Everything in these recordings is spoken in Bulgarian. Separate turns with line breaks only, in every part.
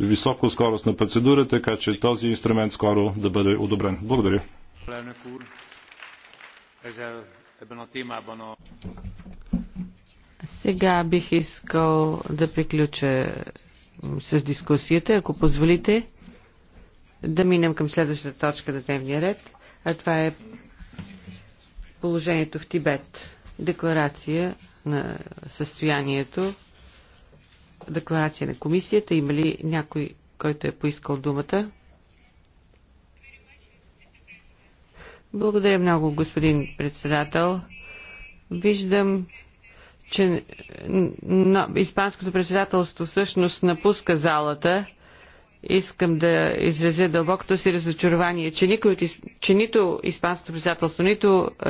високо скорост на процедура, така че този инструмент скоро да бъде одобрен. Благодаря.
Сега бих искал да приключа с дискусията, ако позволите да минем към следващата точка на дневния ред, а това е положението в Тибет. Декларация на състоянието декларация на комисията. Има ли някой, който е поискал думата? Благодаря много, господин председател. Виждам, че Испанското председателство всъщност напуска залата искам да изразя дълбокото си разочарование, че, никой, че нито Испанското председателство, нито е,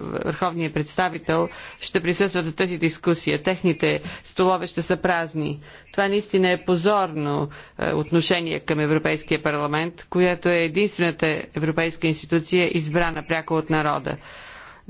Върховният представител ще присъстват от тази дискусия. Техните столове ще са празни. Това наистина е позорно е, отношение към Европейския парламент, която е единствената европейска институция, избрана пряко от народа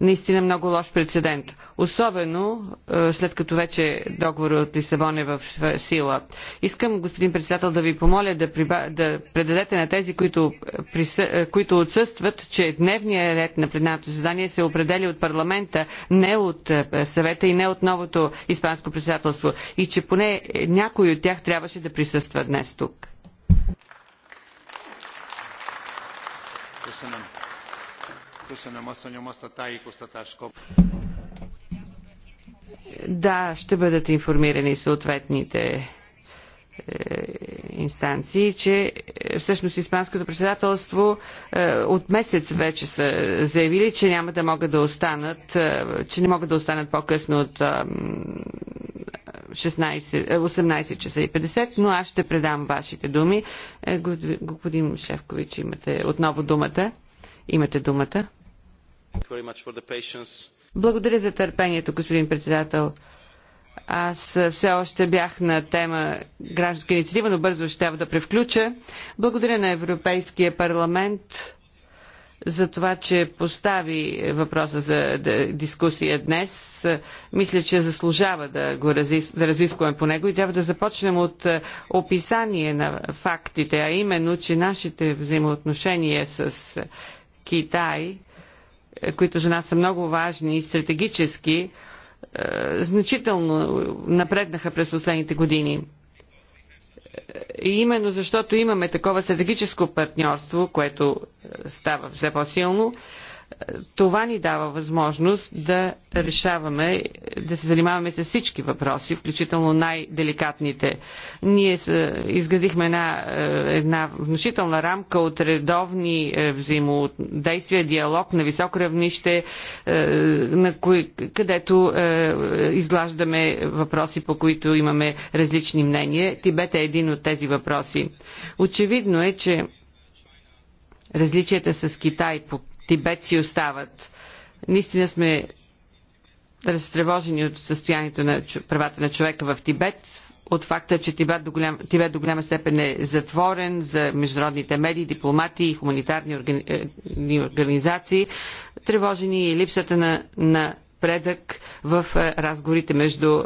наистина много лош прецедент. Особено е, след като вече договор от Лисабон е в сила. Искам, господин председател, да ви помоля да, приба... да предадете на тези, които, присъ... Е, които отсъстват, че дневният ред на пленарното заседание се определя от парламента, не от е, съвета и не от новото испанско председателство. И че поне някой от тях трябваше да присъства днес тук. Да, ще бъдат информирани съответните е, инстанции, че е, всъщност Испанското председателство е, от месец вече са заявили, че няма да могат да останат, че не могат да останат по-късно от 16, 18 часа и 50, но аз ще предам вашите думи. Господин Шевкович, имате отново думата. Имате думата. Благодаря за търпението, господин председател. Аз все още бях на тема гражданска инициатива, но бързо ще трябва да превключа. Благодаря на Европейския парламент за това, че постави въпроса за дискусия днес. Мисля, че заслужава да го разис... да разискваме по него и трябва да започнем от описание на фактите, а именно, че нашите взаимоотношения с Китай е, които за нас са много важни и стратегически, е, значително напреднаха през последните години. И именно защото имаме такова стратегическо партньорство, което е, става все по-силно, това ни дава възможност да решаваме, да се занимаваме с всички въпроси, включително най-деликатните. Ние изградихме една, е, една внушителна рамка от редовни е, взаимодействия, диалог на високо равнище, е, на кои, където изглаждаме въпроси, по които имаме различни мнения. Тибет е един от тези въпроси. Очевидно е, че различията с Китай по Тибет си остават. Наистина сме разтревожени от състоянието на правата на човека в Тибет, от факта, че Тибет до, голям, Тибет до голяма степен е затворен за международните медии, дипломати и хуманитарни органи, е, организации, тревожени е и липсата на, на предък в е, разговорите между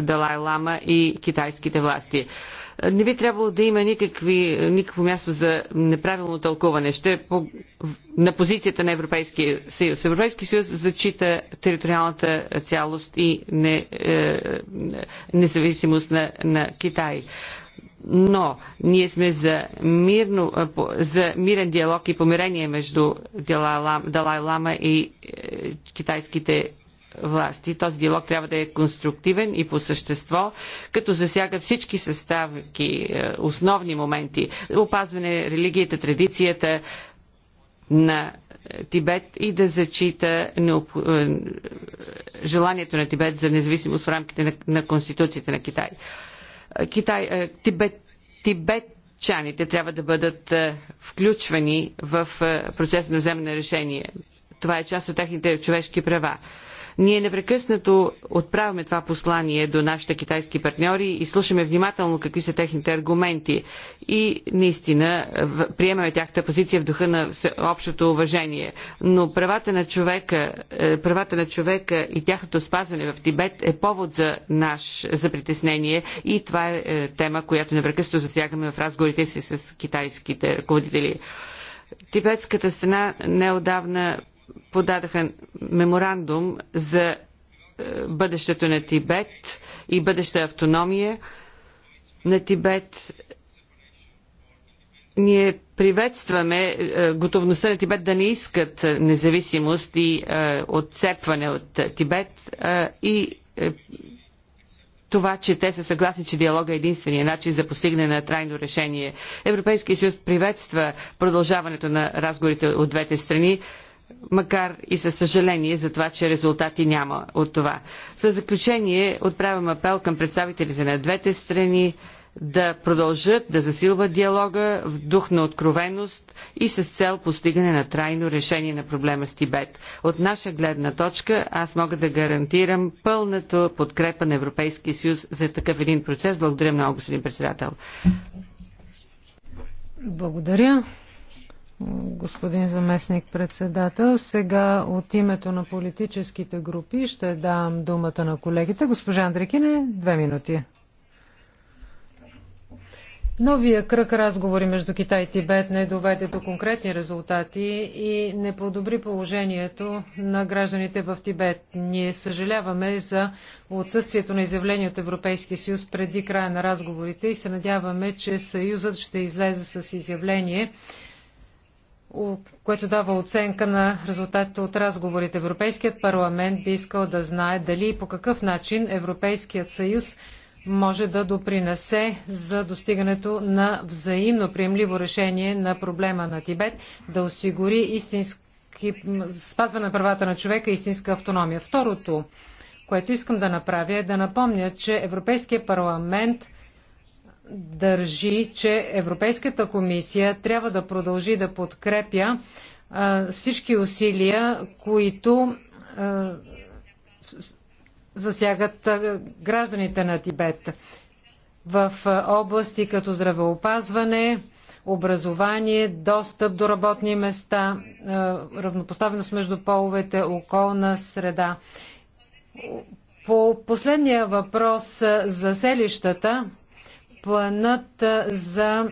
Далай Лама и китайските власти не би трябвало да има никакви, никакво място за неправилно тълкуване. Ще по, на позицията на Европейския съюз. Европейския съюз зачита териториалната цялост и не, е, независимост на, на Китай но ние сме за, мирно, за мирен диалог и помирение между Далай Лама и е, китайските власти. Този диалог трябва да е конструктивен и по същество, като засяга всички съставки, е, основни моменти. Опазване религията, традицията на е, Тибет и да зачита е, желанието на Тибет за независимост в рамките на, на Конституцията на Китай. Китай Тибет, Тибет чаните трябва да бъдат включвани в процес на вземане решение. Това е част от техните човешки права ние непрекъснато отправяме това послание до нашите китайски партньори и слушаме внимателно какви са техните аргументи и наистина приемаме тяхта позиция в духа на общото уважение. Но правата на човека, е, правата на човека и тяхното спазване в Тибет е повод за наш за притеснение и това е, е тема, която непрекъснато засягаме в разговорите си с китайските ръководители. Тибетската страна неодавна подадаха меморандум за е, бъдещето на Тибет и бъдеща автономия на Тибет. Ние приветстваме е, готовността на Тибет да не искат е, независимост и отцепване от Тибет и това, че те са съгласни, че диалога е единствения начин за постигане на трайно решение. Европейския съюз приветства продължаването на разговорите от двете страни макар и със съжаление за това, че резултати няма от това. В заключение отправям апел към представителите на двете страни да продължат да засилват диалога в дух на откровеност и с цел постигане на трайно решение на проблема с Тибет. От наша гледна точка аз мога да гарантирам пълната подкрепа на Европейския съюз за такъв един процес. Благодаря много, господин председател.
Благодаря господин заместник председател. Сега от името на политическите групи ще дам думата на колегите. Госпожа Андрекине, две минути. Новия кръг разговори между Китай и Тибет не доведе до конкретни резултати и не подобри положението на гражданите в Тибет. Ние съжаляваме за отсъствието на изявление от Европейския съюз преди края на разговорите и се надяваме, че Съюзът ще излезе с изявление което дава оценка на резултатите от разговорите. Европейският парламент би искал да знае дали и по какъв начин Европейският съюз може да допринесе за достигането на взаимно приемливо решение на проблема на Тибет, да осигури истински спазване на правата на човека и истинска автономия. Второто, което искам да направя е да напомня, че Европейският парламент – държи, че Европейската комисия трябва да продължи да подкрепя всички усилия, които засягат гражданите на Тибет в области като здравеопазване, образование, достъп до работни места, равнопоставеност между половете, околна среда. По последния въпрос за селищата, планът за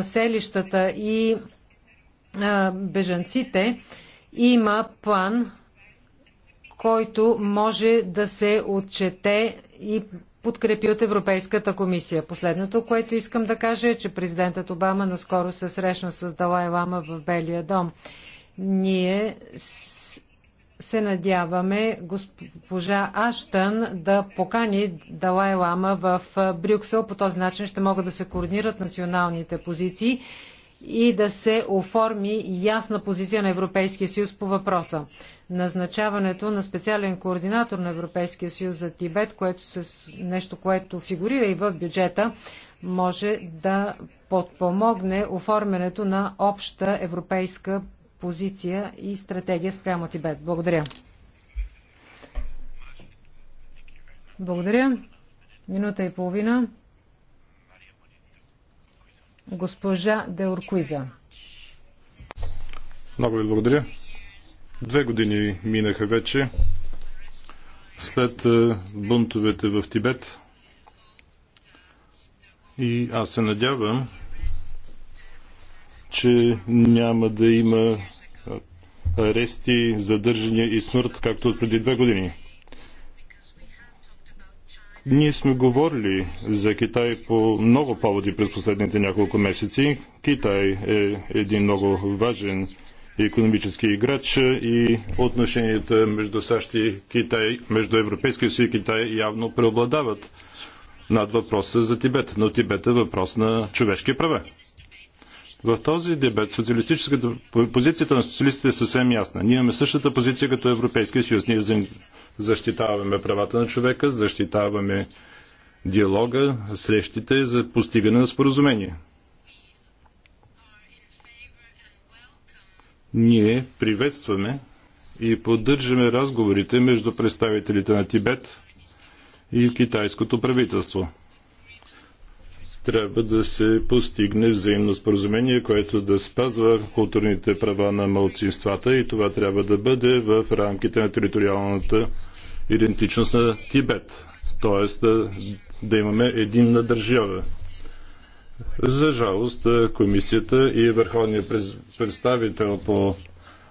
селищата и бежанците има план, който може да се отчете и подкрепи от Европейската комисия. Последното, което искам да кажа е, че президентът Обама наскоро се срещна с Далай Лама в Белия дом. Ние се надяваме госпожа Аштън да покани Далай Лама в Брюксел. По този начин ще могат да се координират националните позиции и да се оформи ясна позиция на Европейския съюз по въпроса. Назначаването на специален координатор на Европейския съюз за Тибет, което се, нещо, което фигурира и в бюджета, може да подпомогне оформянето на обща европейска позиция и стратегия спрямо Тибет. Благодаря. Благодаря. Минута и половина. Госпожа Деоркуиза.
Много ви благодаря. Две години минаха вече след е, бунтовете в Тибет. И аз се надявам, че няма да има арести, задържания и смърт, както от преди две години. Ние сме говорили за Китай по много поводи през последните няколко месеци. Китай е един много важен економически играч и отношенията между САЩ и Китай, между Европейския съюз и Китай явно преобладават над въпроса за Тибет. Но Тибет е въпрос на човешки права. В този дебет социалистическата, позицията на социалистите е съвсем ясна. Ние имаме същата позиция като Европейския съюз. Ние защитаваме правата на човека, защитаваме диалога, срещите за постигане на споразумение. Ние приветстваме и поддържаме разговорите между представителите на Тибет и китайското правителство трябва да се постигне взаимно споразумение, което да спазва културните права на малцинствата и това трябва да бъде в рамките на териториалната идентичност на Тибет. Тоест да, да имаме единна държава. За жалост, комисията и върховният представител по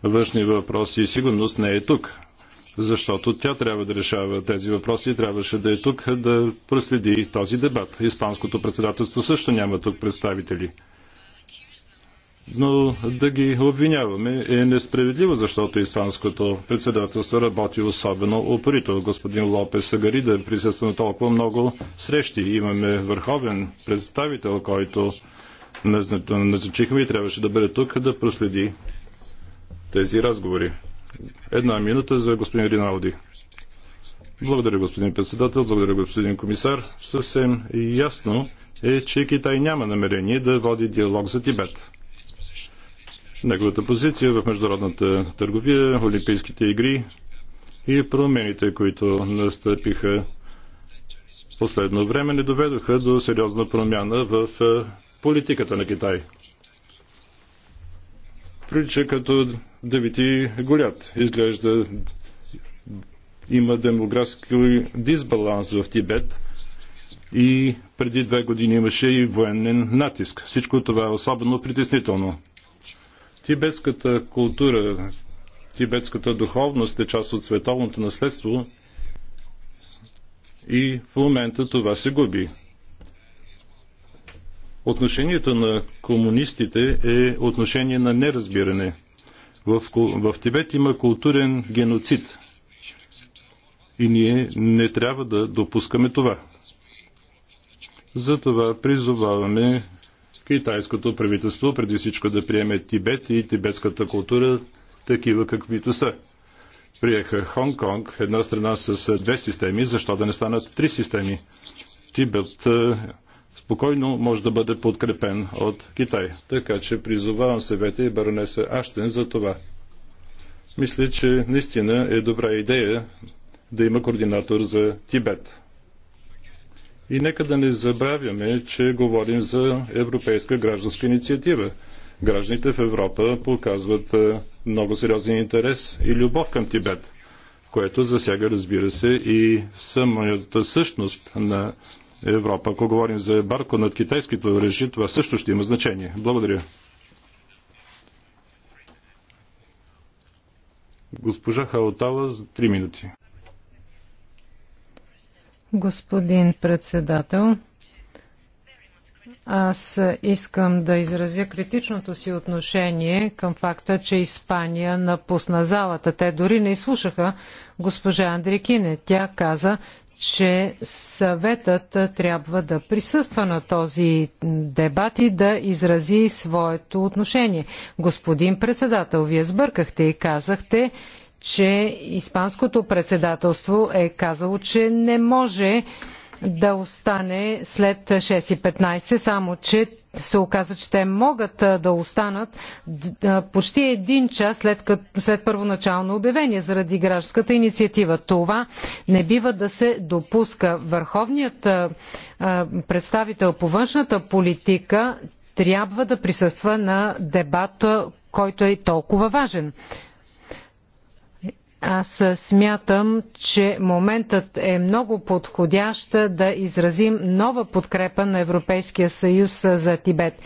външни въпроси и сигурност не е тук защото тя трябва да решава тези въпроси и трябваше да е тук е да проследи този дебат. Испанското председателство също няма тук представители. Но да ги обвиняваме е несправедливо, защото испанското председателство работи особено упорито. Господин Лопес Сагари да присъства на толкова много срещи. Имаме върховен представител, който назначихме и трябваше да бъде тук е да проследи тези разговори. Една минута за господин Риналди. Благодаря, господин председател, благодаря, господин комисар. Съвсем ясно е, че Китай няма намерение да води диалог за Тибет. Неговата позиция в международната търговия, Олимпийските игри и промените, които настъпиха последно време, не доведоха до сериозна промяна в политиката на Китай прилича като девити голят. Изглежда има демографски дисбаланс в Тибет и преди две години имаше и военен натиск. Всичко това е особено притеснително. Тибетската култура, тибетската духовност е част от световното наследство и в момента това се губи. Отношението на комунистите е отношение на неразбиране. В, в Тибет има културен геноцид. И ние не трябва да допускаме това. Затова призоваваме китайското правителство преди всичко да приеме Тибет и тибетската култура такива каквито са. Приеха Хонг-Конг, една страна с две системи, защо да не станат три системи? Тибет спокойно може да бъде подкрепен от Китай. Така че призовавам съвета и баронеса Аштен за това. Мисля, че наистина е добра идея да има координатор за Тибет. И нека да не забравяме, че говорим за европейска гражданска инициатива. Гражданите в Европа показват много сериозен интерес и любов към Тибет, което засяга, разбира се, и самата същност на Европа. Ако говорим за ебарко над китайското оръжие, това също ще има значение. Благодаря. Госпожа Хаотала за 3 минути.
Господин председател, аз искам да изразя критичното си отношение към факта, че Испания напусна залата. Те дори не изслушаха госпожа Андрикине. Тя каза, че съветът трябва да присъства на този дебат и да изрази своето отношение. Господин председател, вие сбъркахте и казахте, че Испанското председателство е казало, че не може да остане след 6.15, само че се оказа, че те могат да останат почти един час след, като, след първоначално обявение заради гражданската инициатива. Това не бива да се допуска. Върховният представител по външната политика трябва да присъства на дебата, който е толкова важен. Аз смятам, че моментът е много подходящ да изразим нова подкрепа на Европейския съюз за Тибет.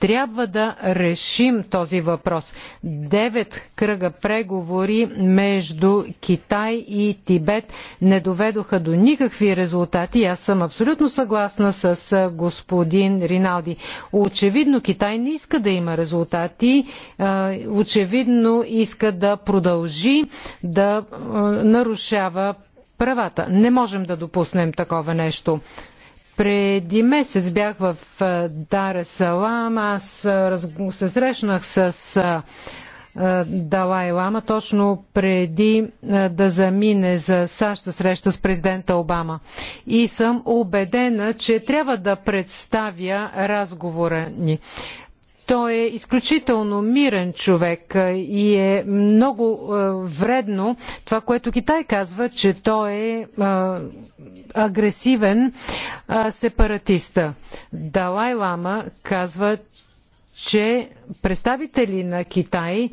Трябва да решим този въпрос. Девет кръга преговори между Китай и Тибет не доведоха до никакви резултати. Аз съм абсолютно съгласна с господин Риналди. Очевидно Китай не иска да има резултати. Очевидно иска да продължи да нарушава правата. Не можем да допуснем такова нещо. Преди месец бях в Дара е Салам. Аз се срещнах с Далай Лама точно преди да замине за САЩ за среща с президента Обама. И съм убедена, че трябва да представя разговора ни. Той е изключително мирен човек и е много е, вредно това, което Китай казва, че той е, е агресивен е, сепаратиста. Далай Лама казва, че представители на Китай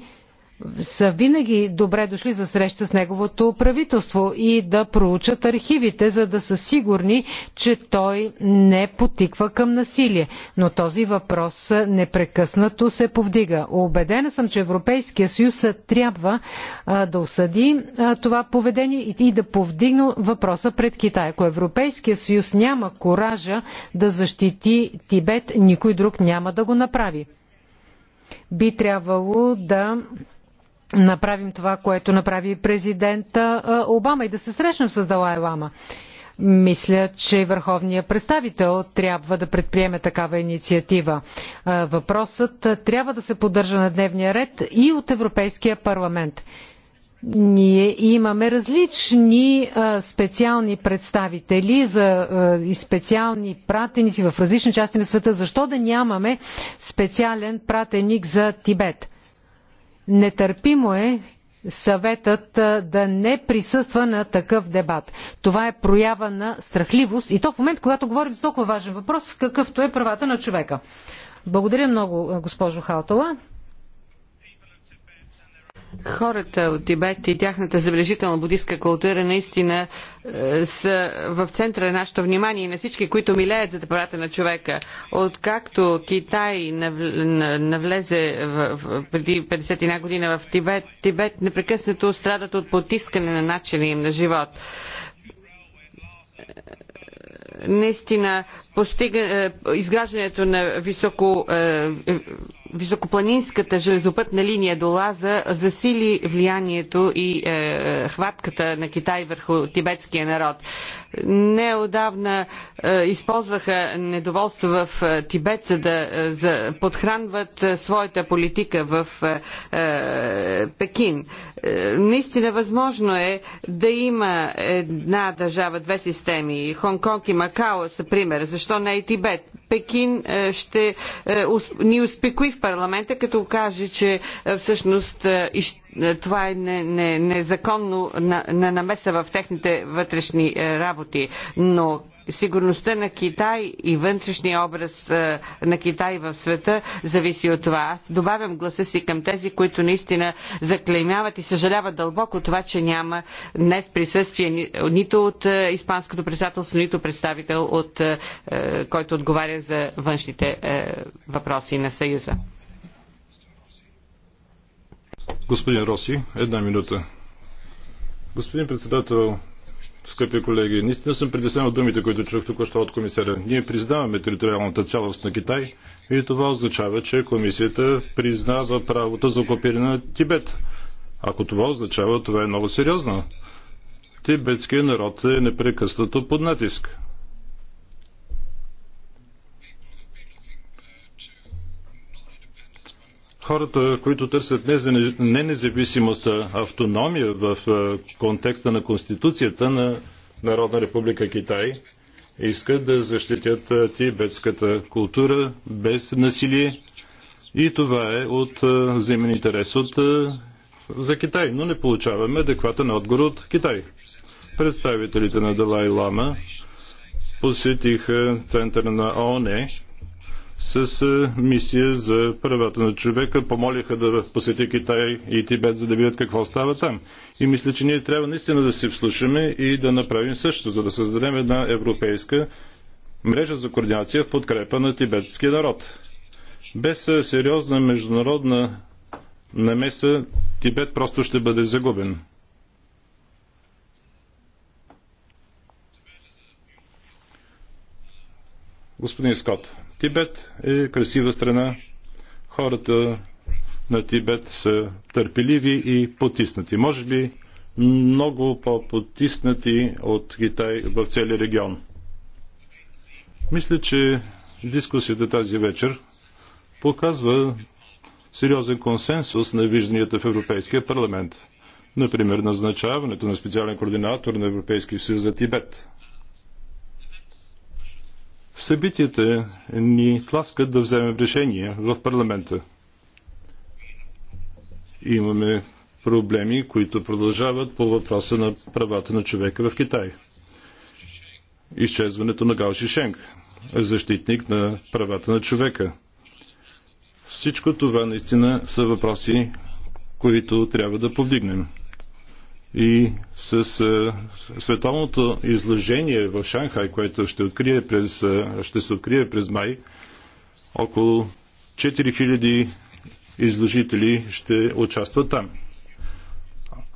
са винаги добре дошли за среща с неговото правителство и да проучат архивите, за да са сигурни, че той не потиква към насилие. Но този въпрос непрекъснато се повдига. Обедена съм, че Европейския съюз трябва да осъди това поведение и да повдигне въпроса пред Китай. Ако Европейския съюз няма коража да защити Тибет, никой друг няма да го направи. Би трябвало да направим това, което направи президента Обама и да се срещнем с Далай Лама. Мисля, че върховният представител трябва да предприеме такава инициатива. Въпросът трябва да се поддържа на дневния ред и от Европейския парламент. Ние имаме различни специални представители за, и специални пратеници в различни части на света. Защо да нямаме специален пратеник за Тибет? Нетърпимо е съветът да не присъства на такъв дебат. Това е проява на страхливост и то в момент, когато говорим за толкова важен въпрос, какъвто е правата на човека. Благодаря много, госпожо Халтала.
Хората от Тибет и тяхната забележителна будистка култура наистина е, са в центъра на нашето внимание и на всички, които милеят за правата на човека. Откакто Китай навлезе в, преди 51 година в Тибет, Тибет непрекъснато страдат от потискане на начина им на живот наистина постига, е, изграждането на високо е, високопланинската железопътна линия до Лаза засили влиянието и е, е хватката на Китай върху тибетския народ. Неодавна е, използваха недоволство в е, Тибет, за да е, за, подхранват е, своята политика в е, е, Пекин. Е, наистина възможно е да има една държава, две системи. Хонг-Конг и Макао са пример. Защо не и Тибет? Пекин е, ще е, усп... ни успекои в парламента, като каже, че е, всъщност е, е, това е не, не, незаконно на, на намеса в техните вътрешни е, работи. Но сигурността на Китай и вътрешния образ е, на Китай в света зависи от това. Аз добавям гласа си към тези, които наистина заклеймяват и съжаляват дълбоко това, че няма днес присъствие нито от Испанското председателство, нито представител, от, който отговаря за външните въпроси на Съюза.
Господин Роси, една минута. Господин председател, скъпи колеги, наистина съм притеснен от думите, които чух тук още от комисаря. Ние признаваме териториалната цялост на Китай и това означава, че комисията признава правото за окупиране на Тибет. Ако това означава, това е много сериозно. Тибетският народ е непрекъснато под натиск. хората, които търсят не независимостта, автономия в е, контекста на Конституцията на Народна република Китай, искат да защитят е, тибетската култура без насилие и това е от е, взаимен интерес от, за Китай, но не получаваме адекватен отговор от Китай. Представителите на Далай Лама посетиха центъра на ООН с е, мисия за правата на човека. Помолиха да посети Китай и Тибет, за да видят какво става там. И мисля, че ние трябва наистина да се вслушаме и да направим същото, да създадем една европейска мрежа за координация в подкрепа на тибетския народ. Без е, сериозна международна намеса Тибет просто ще бъде загубен. Господин Скот, Тибет е красива страна. Хората на Тибет са търпеливи и потиснати. Може би много по-потиснати от Китай в целия регион. Мисля, че дискусията тази вечер показва сериозен консенсус на вижданията в Европейския парламент. Например, назначаването на специален координатор на Европейския съюз за Тибет. Събитията ни тласкат да вземем решение в парламента. Имаме проблеми, които продължават по въпроса на правата на човека в Китай. Изчезването на Гао Шишенг, защитник на правата на човека. Всичко това наистина са въпроси, които трябва да повдигнем и с е, световното изложение в Шанхай, което ще, открие през, е, ще се открие през май, около 4000 изложители ще участват там.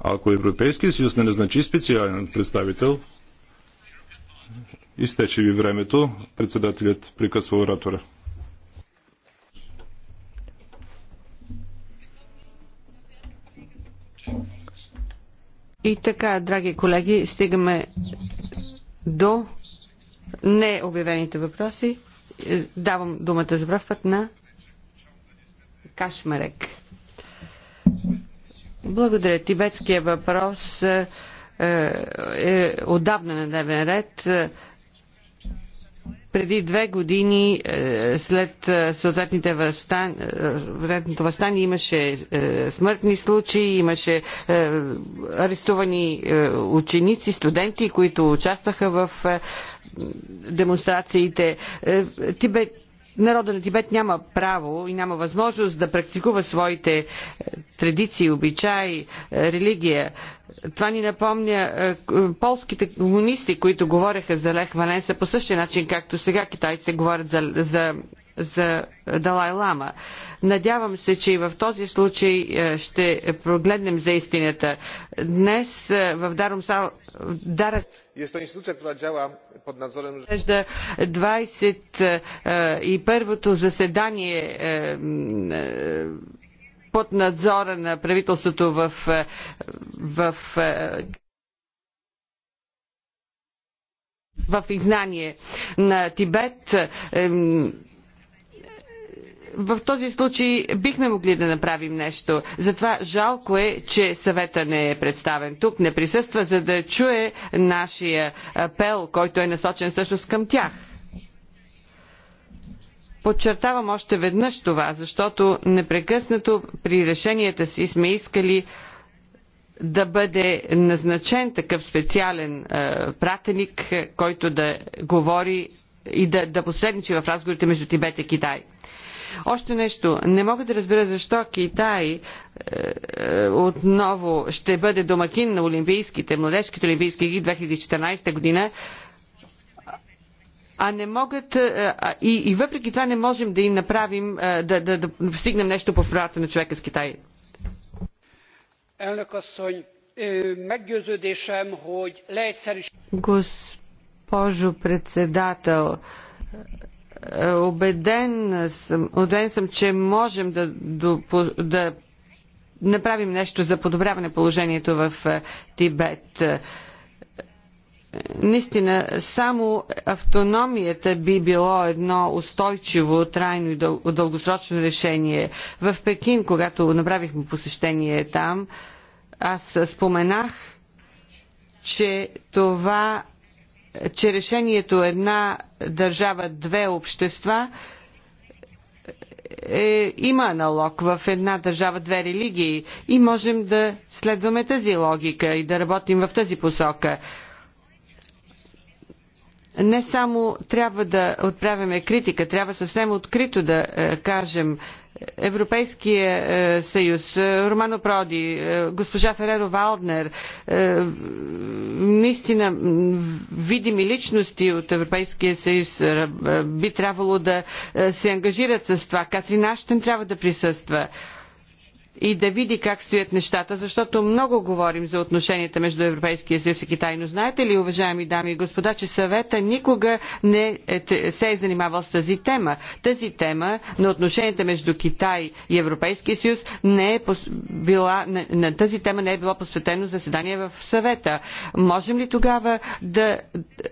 Ако Европейския съюз не назначи специален представител, изтече ви времето, председателят прекъсва оратора.
И така, драги колеги, стигаме до необявените въпроси. Е, давам думата за прав път на Кашмарек. Благодаря. Тибетския въпрос е, е отдавна на дневен ред преди две години е, след е, съответните възстан... Е, въстания имаше смъртни случаи, имаше арестувани ученици, студенти, които участваха в демонстрациите. Тибет Народа на Тибет няма право и няма възможност да практикува своите е, традиции, обичаи, е, религия. Това ни напомня е, полските комунисти, които говореха за Лех Валенса по същия начин, както сега китайците говорят за, за за Далай Лама. Надявам се, че и в този случай ще прогледнем за истината. Днес в Дарум
jest to instytucja, która działa
pod nadzorem... ...да 21-то заседание под надзора на правителството в, в, в изгнание на Тибет в този случай бихме могли да направим нещо. Затова жалко е, че съвета не е представен тук, не присъства, за да чуе нашия апел, който е насочен всъщност към тях. Подчертавам още веднъж това, защото непрекъснато при решенията си сме искали да бъде назначен такъв специален е, пратеник, е, който да говори и да, да посредничи в разговорите между Тибет и Китай. Още нещо. Не мога да разбера защо Китай е, е, отново ще бъде домакин на Олимпийските, младежките Олимпийски игри 2014 година а не могат е, и, и въпреки това не можем да им направим да, да, да постигнем нещо по правата на човека с Китай. Госпожо председател, Обеден е, съм, убеден съм, че можем да, да направим нещо за подобряване положението в е, Тибет. Е, наистина, само автономията би било едно устойчиво, трайно и дългосрочно решение. В Пекин, когато направихме посещение там, аз споменах, че това че решението една държава, две общества е, има аналог в една държава, две религии и можем да следваме тази логика и да работим в тази посока не само трябва да отправяме критика, трябва съвсем открито да е, кажем Европейския е, съюз, е, Романо Проди, госпожа Фереро Валднер, наистина видими личности от Европейския съюз би трябвало да се ангажират с това. Катрин Аштен трябва да присъства и да види как стоят нещата, защото много говорим за отношенията между Европейския съюз и Китай. Но знаете ли, уважаеми дами и господа, че съвета никога не е се е занимавал с тази тема. Тази тема на отношенията между Китай и Европейския съюз не е пос... била, на, на тази тема не е било посветено заседание в съвета. Можем ли тогава да,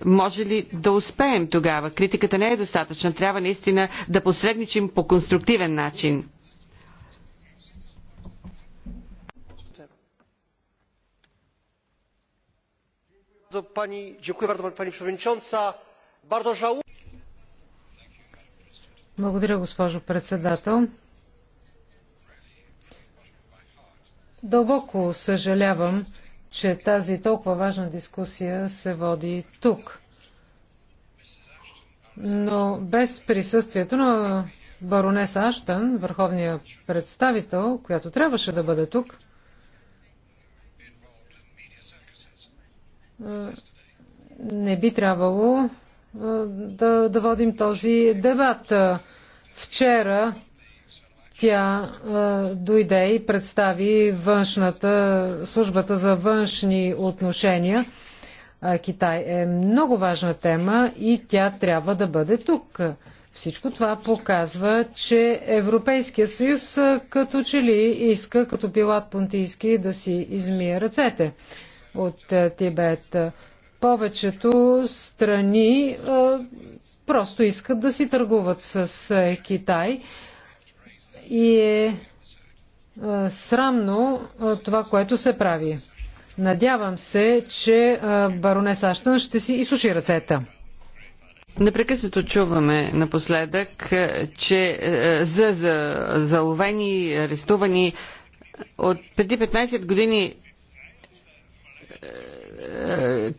може ли да успеем тогава? Критиката не е достатъчна. Трябва наистина да посредничим по конструктивен начин.
Благодаря, госпожо председател. Дълбоко съжалявам, че тази толкова важна дискусия се води тук. Но без присъствието на баронеса Аштън, върховния представител, която трябваше да бъде тук, не би трябвало да, да водим този дебат. Вчера тя дойде и представи външната, службата за външни отношения. Китай е много важна тема и тя трябва да бъде тук. Всичко това показва, че Европейския съюз като че ли иска, като пилат понтийски, да си измие ръцете от е, Тибет. Повечето страни е, просто искат да си търгуват с е, Китай и е срамно това, което се прави. Надявам се, че баронес Аштън ще си изсуши ръцета.
Непрекъснато чуваме напоследък, че за заловени, арестувани от преди 15 години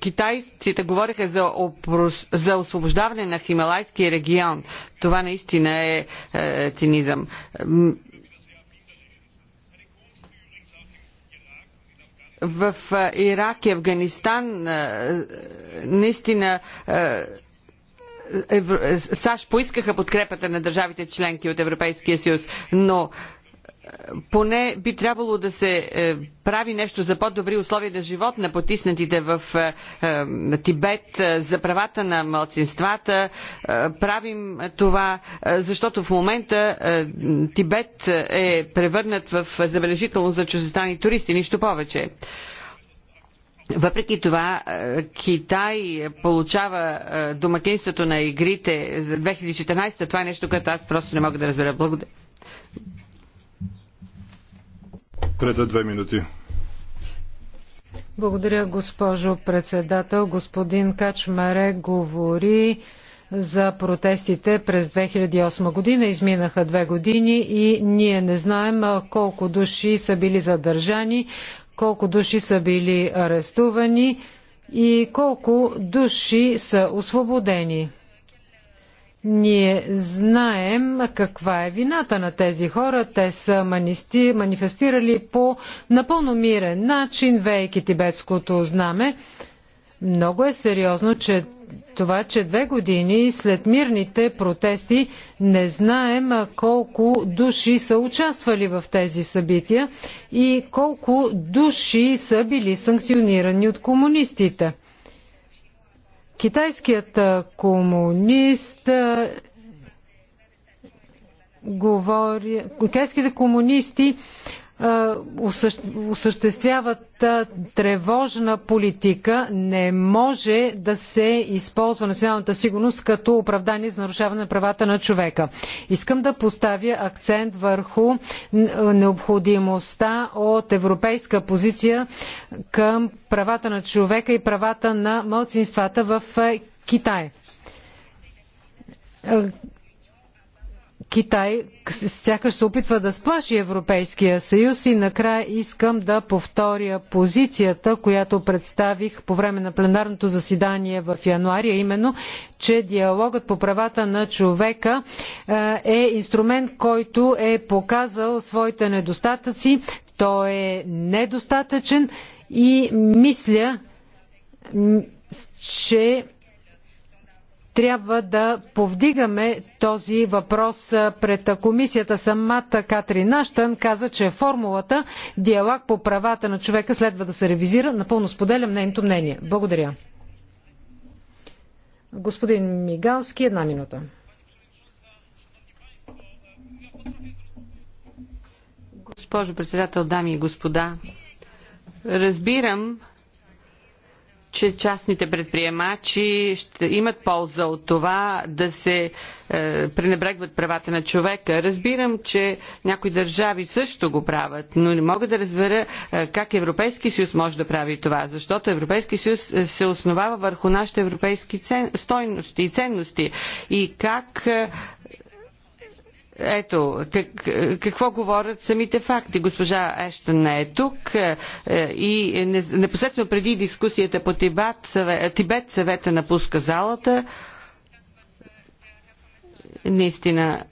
китайците говориха за, опрос... за освобождаване на Хималайския регион. Това наистина е, е цинизъм. В е, Ирак и Афганистан е, наистина е, САЩ поискаха подкрепата на държавите членки от Европейския съюз, но поне би трябвало да се е, прави нещо за по-добри условия на живот на потиснатите в е, е, Тибет, за правата на малцинствата. Правим това, защото в момента Тибет е превърнат в забележително за чуждестранни туристи, нищо повече. Въпреки това, Китай получава домакинството на игрите за 2014. Това е нещо, което аз просто не мога да разбера. Благодаря.
две минути.
Благодаря, госпожо председател. Господин Качмаре говори за протестите през 2008 година. Изминаха две години и ние не знаем колко души са били задържани, колко души са били арестувани и колко души са освободени. Ние знаем каква е вината на тези хора. Те са манисти, манифестирали по напълно мирен начин, вейки тибетското знаме. Много е сериозно, че това, че две години след мирните протести не знаем колко души са участвали в тези събития и колко души са били санкционирани от комунистите. Китайският комунист говори, китайските комунисти е, осъществяват е, тревожна политика, не може да се използва националната сигурност като оправдание за нарушаване на правата на човека. Искам да поставя акцент върху необходимостта от европейска позиция към правата на човека и правата на малцинствата в е, Китай Китай сякаш се опитва да сплаши Европейския съюз и накрая искам да повторя позицията, която представих по време на пленарното заседание в януари, а именно, че диалогът по правата на човека е, е инструмент, който е показал своите недостатъци. Той е недостатъчен и мисля, че трябва да повдигаме този въпрос пред комисията. Самата Катрин Аштън каза, че формулата диалог по правата на човека следва да се ревизира. Напълно споделям нейното мнение. Благодаря. Господин Мигалски, една минута. Госпожо председател, дами и господа,
разбирам че частните предприемачи ще имат полза от това да се е, пренебрегват правата на човека. Разбирам, че някои държави също го правят, но не мога да разбера е, как Европейски съюз може да прави това, защото Европейски съюз е, се основава върху нашите европейски цен... стойности и ценности и как е, ето, как, какво говорят самите факти. Госпожа Ештън не е тук е, е, и непосредствено преди дискусията по Тибет, Тибет съвета напуска залата. Наистина,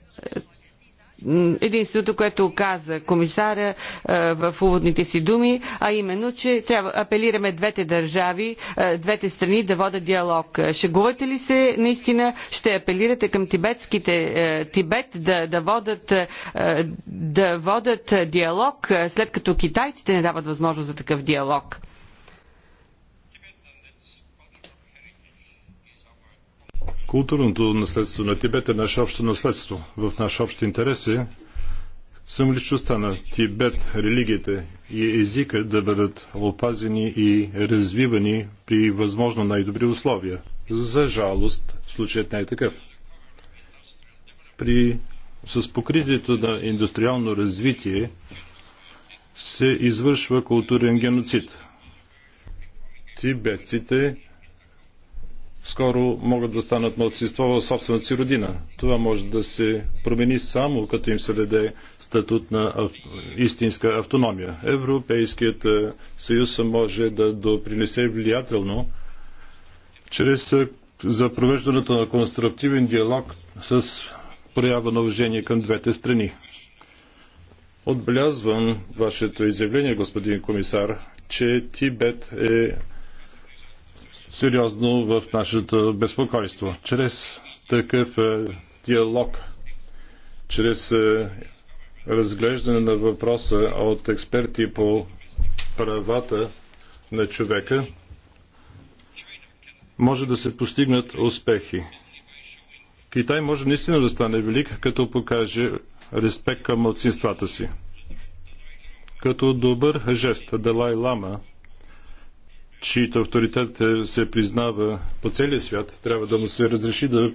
единственото, което каза комисаря е, в уводните си думи, а именно, че трябва апелираме двете държави, е, двете страни да водят диалог. Шегувате ли се наистина? Ще апелирате към тибетските е, Тибет да, да, водят, да водят диалог, след като китайците не дават възможност за такъв диалог?
Културното наследство на Тибет е наше общо наследство. В наш общ интерес е самоличността на Тибет, религията и езика да бъдат опазени и развивани при възможно най-добри условия. За жалост, случаят не е такъв. При, с покритието на индустриално развитие се извършва културен геноцид. Тибетците скоро могат да станат младсинство в собствената си родина. Това може да се промени само като им се даде статут на истинска автономия. Европейският е, съюз може да допринесе влиятелно чрез е, за провеждането на конструктивен диалог с проява на уважение към двете страни. Отбелязвам вашето изявление, господин комисар, че Тибет е сериозно в нашето безпокойство. Чрез такъв е, диалог, чрез е, разглеждане на въпроса от експерти по правата на човека, може да се постигнат успехи. Китай може наистина да стане велик, като покаже респект към младсинствата си. Като добър жест Далай Лама – Чийто авторитет е, се признава по целия свят, трябва да му се разреши да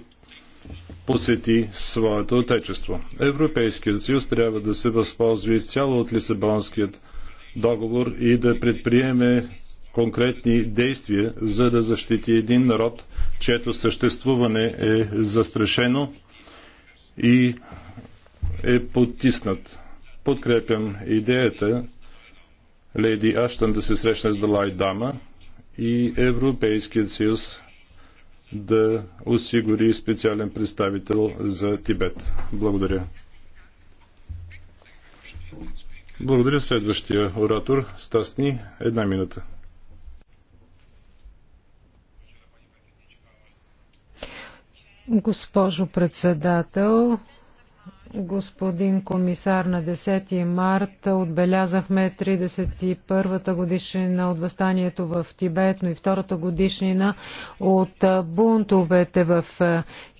посети своето отечество. Европейският съюз трябва да се възползва изцяло от Лисабонският договор и да предприеме конкретни действия, за да защити един народ, чието съществуване е застрашено и е потиснат. Подкрепям идеята леди Аштън да се срещне с Далай Дама, и Европейският съюз да осигури специален представител за Тибет. Благодаря. Благодаря следващия оратор. Стасни, една минута.
Госпожо председател, господин комисар, на 10 март отбелязахме 31-та годишнина от възстанието в Тибет, но и втората годишнина от бунтовете в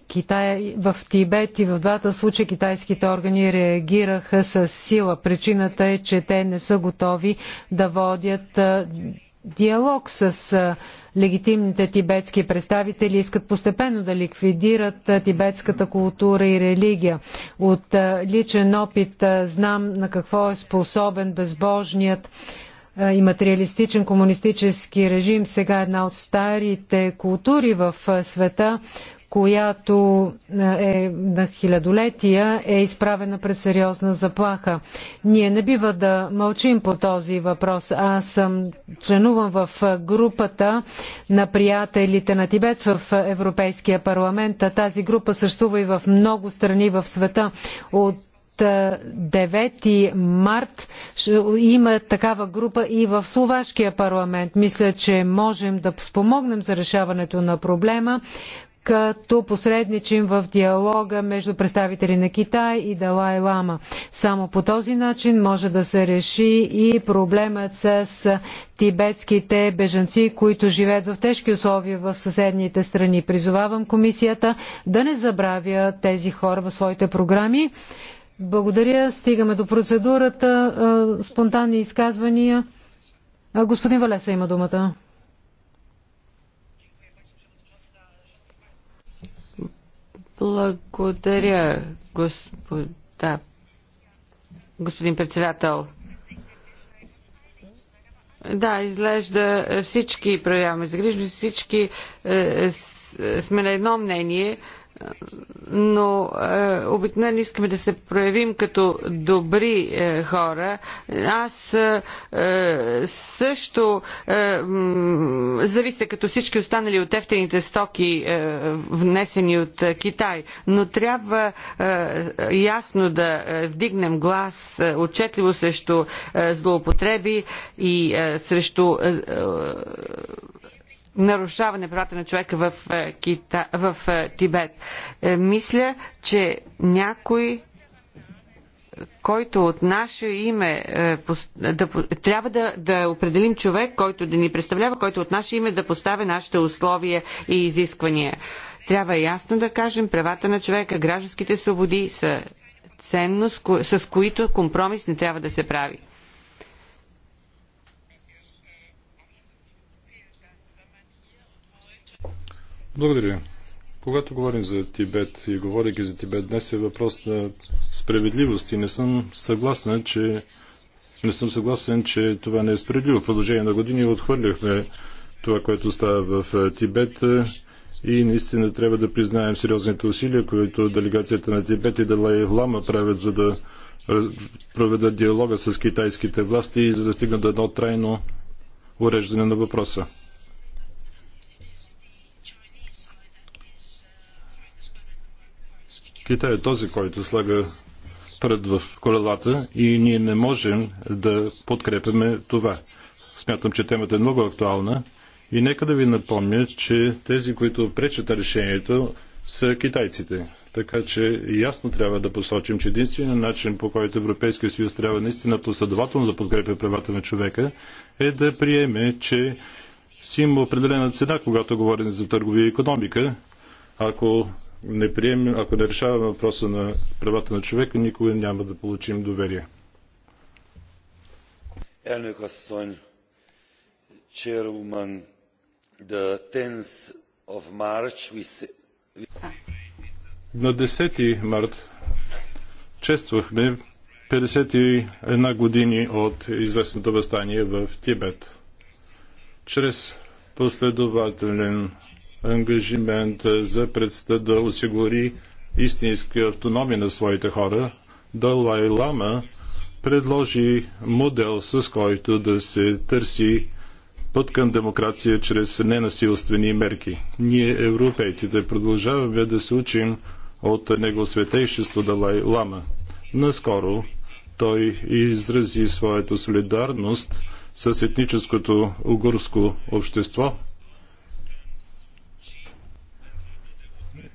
Китай, в Тибет и в двата случая китайските органи реагираха с сила. Причината е, че те не са готови да водят диалог с легитимните тибетски представители искат постепенно да ликвидират тибетската култура и религия. От личен опит знам на какво е способен безбожният и материалистичен комунистически режим, сега една от старите култури в света, която е, е на хилядолетия, е изправена пред сериозна заплаха. Ние не бива да мълчим по този въпрос. Аз съм членувам в групата на приятелите на Тибет в Европейския парламент. Тази група съществува и в много страни в света. От 9 е, март има такава група и в Словашкия парламент. Мисля, че можем да спомогнем за решаването на проблема, като посредничим в диалога между представители на Китай и Далай Лама. Само по този начин може да се реши и проблемът с тибетските бежанци, които живеят в тежки условия в съседните страни. Призовавам комисията да не забравя тези хора в своите програми. Благодаря. Стигаме до процедурата. Е, спонтанни изказвания. Е, господин Валеса има думата. Благодаря,
господа, господин председател. Да, изглежда всички проявяваме загрижност, всички е, е, е, сме на едно мнение. Е, но е, обикновено искаме да се проявим като добри е, хора. Аз е, е също е, завися като всички останали от ефтените стоки, е, внесени от е, Китай, но трябва е, ясно да е, вдигнем глас е, отчетливо срещу е, злоупотреби и е, срещу. Е, е, нарушаване правата на човека в, е, Кита, в е, Тибет. Е, мисля, че някой който от наше име да, трябва да, да определим човек, който да ни представлява, който от наше име да поставя нашите условия и изисквания. Трябва ясно да кажем, правата на човека, гражданските свободи са ценност, с които компромис не трябва да се прави.
Благодаря. Когато говорим за Тибет и говоряки за Тибет, днес е въпрос на справедливост и не съм съгласен, че не съм съгласен, че това не е справедливо. В продължение на години отхвърляхме това, което става в Тибет и наистина трябва да признаем сериозните усилия, които делегацията на Тибет и Далай Лама правят, за да проведат диалога с китайските власти и за да стигнат до едно трайно уреждане на въпроса. Китай е този, който слага пред в колелата и ние не можем да подкрепяме това. Смятам, че темата е много актуална и нека да ви напомня, че тези, които пречат на решението, са китайците. Така че ясно трябва да посочим, че единственият начин по който Европейския съюз трябва наистина последователно да подкрепя правата на човека е да приеме, че си има определена цена, когато говорим за търговия и економика. Ако не приемем, ако не решаваме въпроса на правата на човека, никога няма да получим доверие. Elnök asszony, chairwoman, the 10th of March we... На 10 март чествахме 51 години от известното възстание в Тибет. Чрез последователен ангажимент за предста да осигури истински автономия на своите хора, Далай Лама предложи модел, с който да се търси път към демокрация чрез ненасилствени мерки. Ние, европейците, продължаваме да се учим от него светейшество Далай Лама. Наскоро той изрази своята солидарност с етническото угорско общество –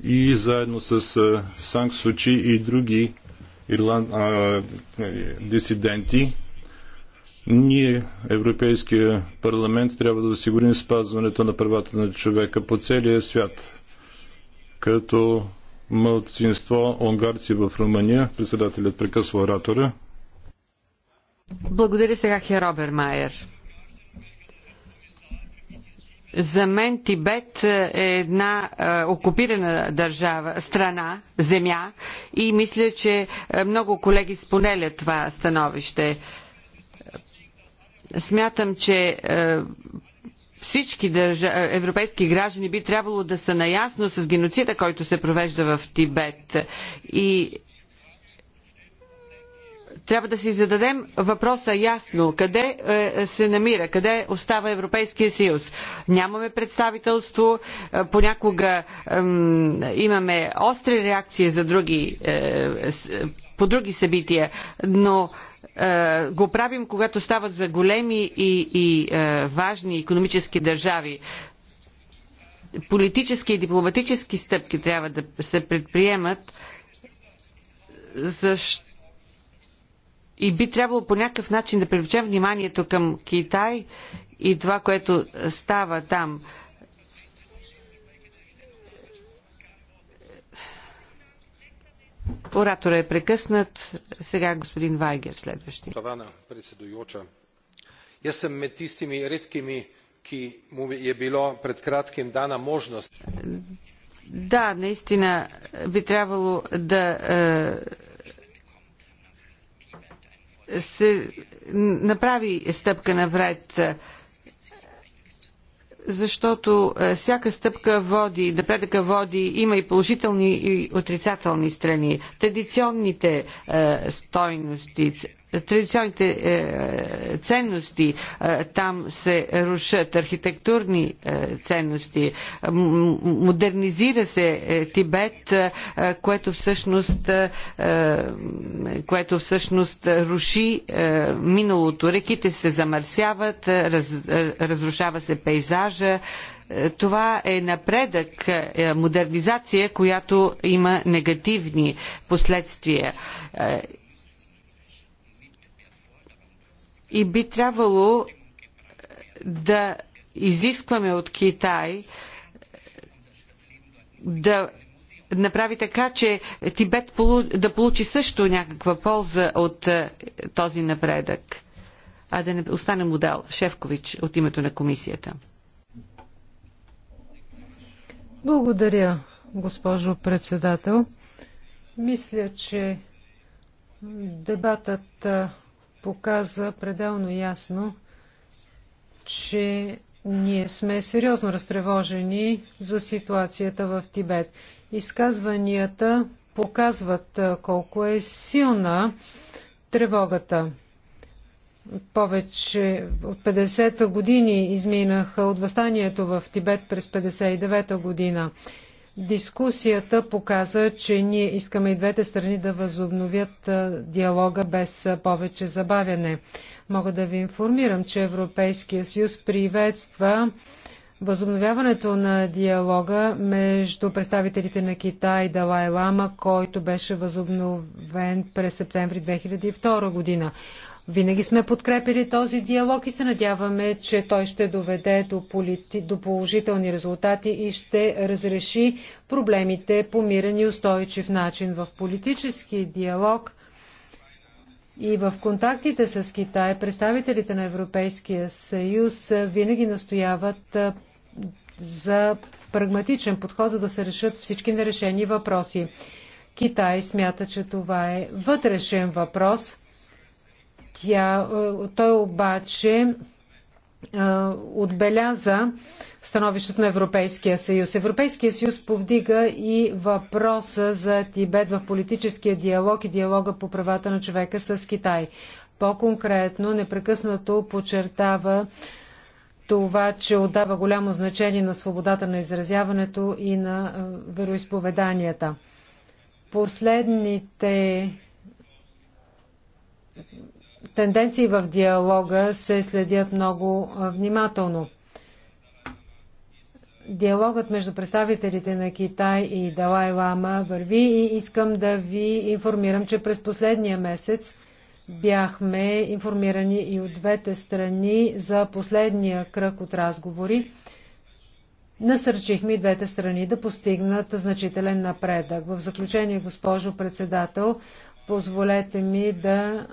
и заедно с Санг Сучи и други ирланд... а, дисиденти, ние, Европейския парламент, трябва да осигурим спазването на правата на човека по целия свят. Като мълцинство унгарци в Румъния, председателят прекъсва оратора.
Благодаря сега Херобер Майер. За мен Тибет е, е една е, окупирана държава, страна, земя и мисля, че е, много колеги спонелят това становище. Смятам, че е, всички държа... Е, европейски граждани би трябвало да са наясно с геноцида, който се провежда в Тибет. И трябва да си зададем въпроса ясно. Къде е, се намира? Къде остава Европейския съюз? Нямаме представителство. Е, понякога имаме остри реакции за други, е, по други събития, но го правим, когато стават за големи и, и важни економически държави политически и дипломатически стъпки трябва да се предприемат, защото и би трябвало по някакъв начин да привлечем вниманието към Китай и това, което става там. Оратора е прекъснат. Сега господин Вайгер следващи.
Шtovана председуюча, jaz съм med tistimi redkimi, ki mu je bilo pred kratkim dana možnost.
Да, наистина би трябвало да е, се направи стъпка напред защото е, всяка стъпка води, напредъка води, има и положителни и отрицателни страни. Традиционните е, стойности, традиционните е, ценности е, там се рушат, архитектурни е, ценности, модернизира се е, Тибет, е, което всъщност, е, което всъщност руши е, миналото. Реките се замърсяват, е, раз, е, разрушава се пейзажа. Е, това е напредък, модернизация, която има негативни последствия. и би трябвало е, да изискваме от Китай е, да направи така, че Тибет да получи също някаква полза от е, този напредък, а да не остане модел Шефкович от името на комисията.
Благодаря, госпожо председател. Мисля, че дебатът показа пределно ясно, че ние сме сериозно разтревожени за ситуацията в Тибет. Изказванията показват колко е силна тревогата. Повече от 50 години изминаха от възстанието в Тибет през 59 година. Дискусията показа, че ние искаме и двете страни да възобновят диалога без повече забавяне. Мога да ви информирам, че Европейския съюз приветства възобновяването на диалога между представителите на Китай и Далай Лама, който беше възобновен през септември 2002 година. Винаги сме подкрепили този диалог и се надяваме, че той ще доведе до, полити... до положителни резултати и ще разреши проблемите по мирен и устойчив начин. В политически диалог и в контактите с Китай представителите на Европейския съюз винаги настояват за прагматичен подход, за да се решат всички нерешени въпроси. Китай смята, че това е вътрешен въпрос тя, е, той обаче е, отбеляза становището на Европейския съюз. Европейския съюз повдига и въпроса за Тибет в политическия диалог и диалога по правата на човека с Китай. По-конкретно, непрекъснато подчертава това, че отдава голямо значение на свободата на изразяването и на е, вероисповеданията. Последните тенденции в диалога се следят много внимателно. Диалогът между представителите на Китай и Далай Лама върви и искам да ви информирам, че през последния месец бяхме информирани и от двете страни за последния кръг от разговори. Насърчихме и двете страни да постигнат значителен напредък. В заключение, госпожо председател, позволете ми да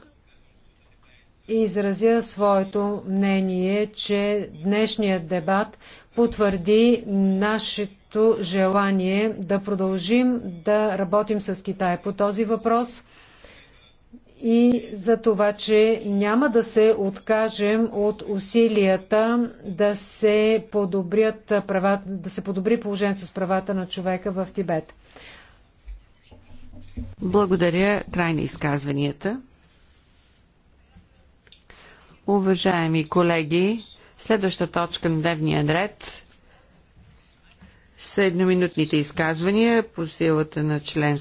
изразя своето мнение, че днешният дебат потвърди нашето желание да продължим да работим с Китай по този въпрос и за това, че няма да се откажем от усилията да се, подобрят права, да се подобри положението с правата на човека в Тибет.
Благодаря. Край на изказванията. Уважаеми колеги, следваща точка на дневния ред са едноминутните изказвания по силата на член